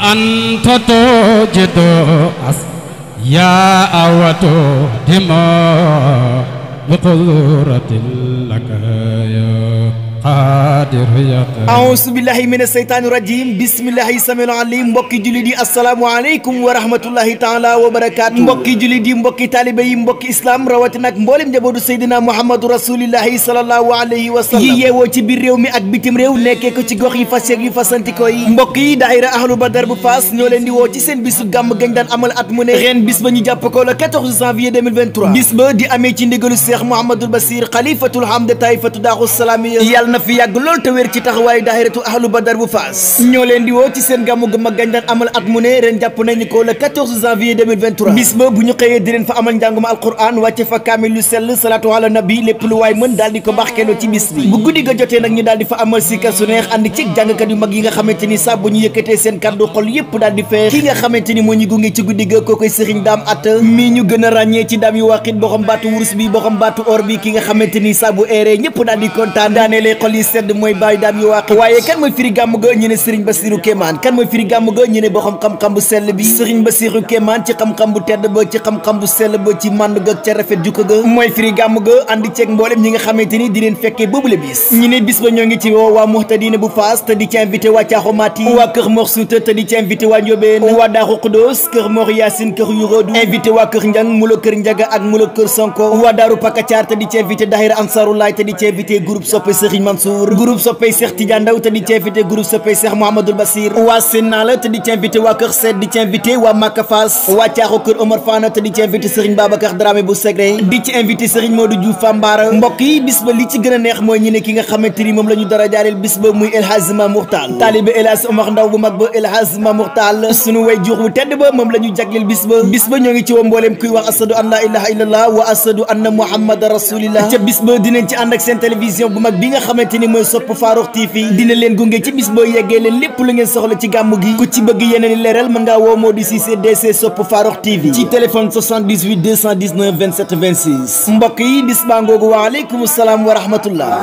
anta to jedo as ya awato dema bi qudratil lakaya aousu billahi min aseytaani rajim bismillahi samil alim mbokki jullit yi asalaamaaleykum wa rahmatullahi taala wa barakaatu mbokki jullit yi mbokki taalibe yi mbokki islam rawati nag mboolem njabootu seydina mouhamadou rasulillahi salallahu alayhi wa sallam yi yeewoo ci biir réew mi ak bitim réew nekkee ko ci gox yi fas yeeg yu yi mbokk yi daayira ahlu badar bu faas ñoo leen di woo ci seen bisu gàmm gañ daan amal at mu ne ren bis ba ñu jàpp ko le 14 janvier 2023 bis ba di amee ci ndigalu cheikh mouhamadul basir xalifatul hamd taifatu daaxu na fi yag lol te wer ci taxaway dahiratu ahlu badar bu fas ñoo leen di wo ci seen gamu gu mag amal at mu ne ren japp nañ ko le 14 janvier 2023 bis ba bu ñu xëyee di leen fa amal njànguma alquran wacce fa kamil lu sel salatu ala nabi lepp lu way mën dal di ko kelo ci bis bi bu guddi ga jotté ya nak ñu dal di fa amal sikka su neex and ci kat yu mag yi nga xamanteni sa saa bu ñu yëkkatee seen kàddu xol yépp dal di fex ki nga xamanteni mo ñi ñu gunge ci guddi ga koy serigne dam at mi ñu gëna a ci daam yu waqit boxam baatu wurs bi boxam baatu or bi ki nga xamanteni sa bu éré ñëpp dal di kontaan daanee xol yi sedd mooy bàyyi daam yi waaqi waaye kan mooy firi gàmmu ga ñu ne sëriñ Basiru Kéemaan xam bu sell bi sëriñ Basiru xam-xam bu tedd ba ci xam-xam bu sell rafet jukko ga mooy firi gàmmu ga àndi ceeg ñi nga xamante ni di leen fekkee boobule bis ñu ne bis ba ñoo ngi ci woo waa muhtadina bu faas te di ci invité waa caaxumaat yi waa kër Mor Suuta te di kër Mor Yaasin kër Yuróodu invité waa kër Njang mulo kër Njaga ak mulo kër Sonko waa Daaru Pakacaar te di ci invité daayira Ansarullaay te di ci invité groupe soppe sëriñ Mansour groupe soppey Cheikh Tidiane Ndaw te di ci invité groupe soppey Cheikh Mouhamadoul Bassir waa Sénat la te di ci invité waa Kër Seet di ci invité waa Maka Fass waa Caaxo li ci gën a neex mooy ñi ki nga xamante ni moom la ñu dara jaareel muy El Hadj Mamour taalibe El Hadj Omar sunu way juux bu tedd ba moom la ñu jagleel bis ba ñoo ngi ci woo mbooleem kuy wax asadu an laa ilaha illallah wa asadu anna muhammada rasulillah ca bis dinañ ci ànd ak seen télévision bu mag bi nga xam xamante ni mooy sopp Farokh TV dina leen gunge ci bis boo lépp lu soxla ci gàmmu gi ku ci bëgg yeneen leeral mën ngaa woo Modou Cissé DC sopp Farokh TV ci téléphone mbokk yi bis baa ngoogu waaleykum salaam wa rahmatullah